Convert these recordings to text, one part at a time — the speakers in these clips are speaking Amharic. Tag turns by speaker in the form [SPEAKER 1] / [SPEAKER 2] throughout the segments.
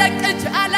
[SPEAKER 1] ያለቅጅ አላ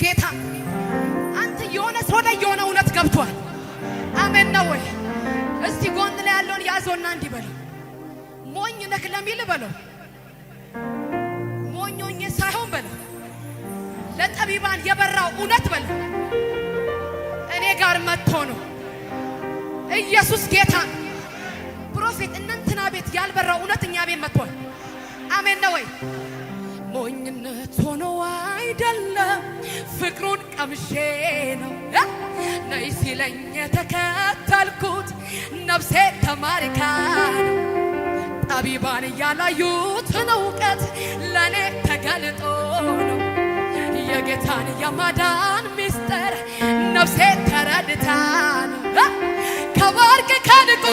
[SPEAKER 1] ጌታ አንተ የሆነ ሰው ላይ የሆነ እውነት ገብቷል። አሜን ነው ወይ? እስቲ ጎን ላይ ያለውን ያዞና እንዲህ በለው፣ ሞኝ ነክ ለሚል በለው፣ ሞኞኝ ሳይሆን በለው፣ ለጠቢባን የበራው እውነት በለው፣ እኔ ጋር መጥቶ ነው ኢየሱስ ጌታ። ፕሮፌት እንንትና ቤት ያልበራው እውነት እኛ ቤት መጥቷል። አሜን ነው ወይ? ሞኝነት ሆኖ አይደለም ፍቅሩን ቀምሼ ነው ነይ ሲለኝ የተከተልኩት ነፍሴ ተማርካ ጠቢባን ያላዩትን እውቀት ለእኔ ተገልጦ ነው የጌታን የማዳን ሚስጠር ነፍሴ ተረድታ ነው ከወርቅ ከንቁ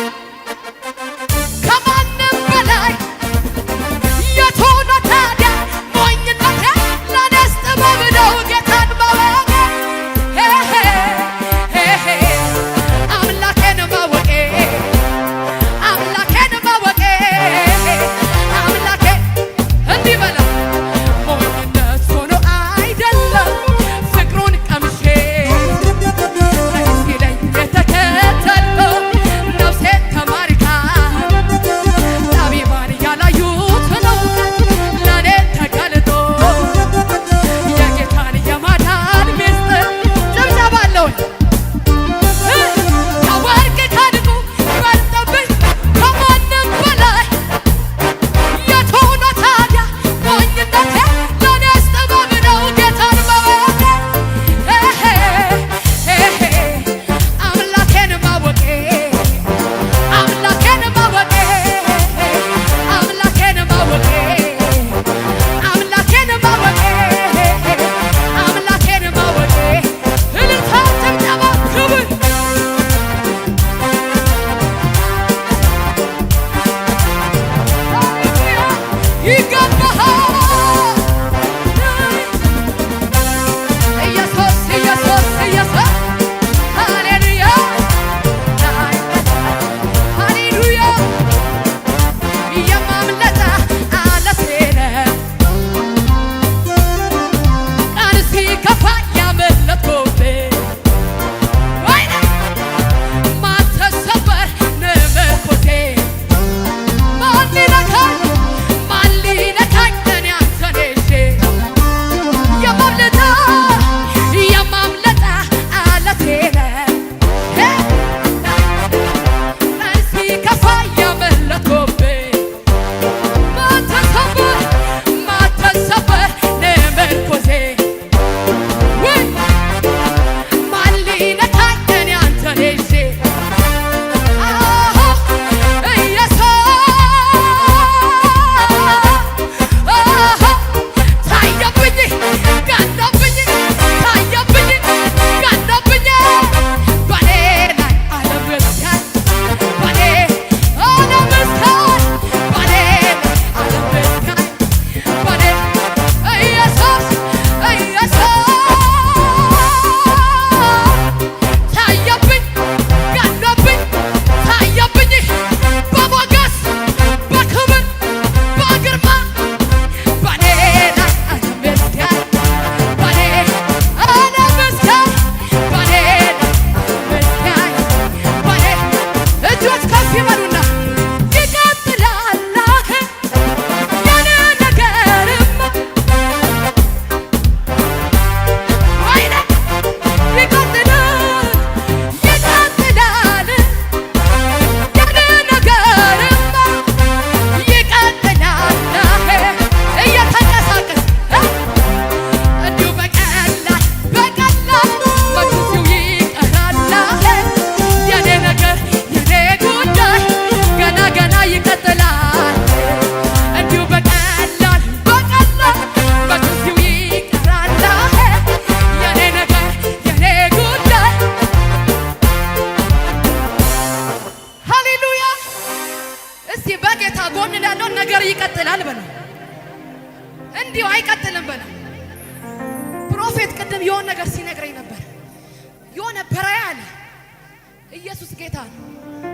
[SPEAKER 1] ነው።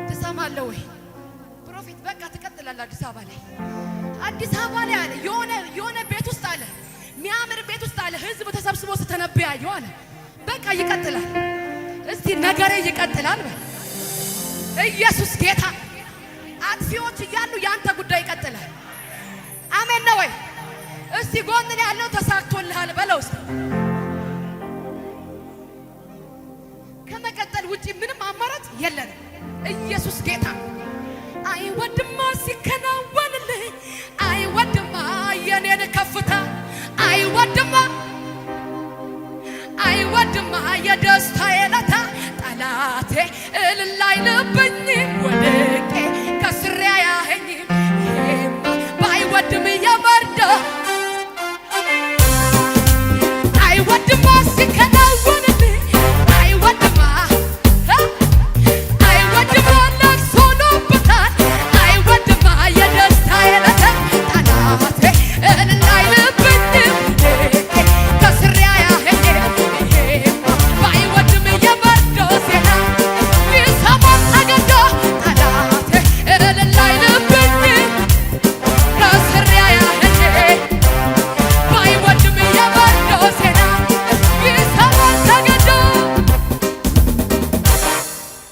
[SPEAKER 1] ትሰማለህ ወይ ፕሮፊት? በቃ ትቀጥላለህ። አዲስ አበባ ላይ አዲስ አበባ ላይ አለ የሆነ ቤት ውስጥ አለ የሚያምር ቤት ውስጥ አለ ህዝብ ተሰብስቦ ስተነብያየው አለ። በቃ ይቀጥላል። እስቲ ነገሬ ይቀጥላል። ኢየሱስ ጌታ። አጥፊዎች እያሉ የአንተ ጉዳይ ይቀጥላል። አሜን ነው ወይ? እስቲ ጎንን ያለው ተሳክቶልሃል በለው እስቲ ውጪ ምንም አማራጭ የለንም። ኢየሱስ ጌታ አይወድማ ሲከናወንልህ፣ አይወድማ የኔን ከፍታ፣ አይወድማ አይወድማ የደስታ የለታ ጠላቴ እልል አይል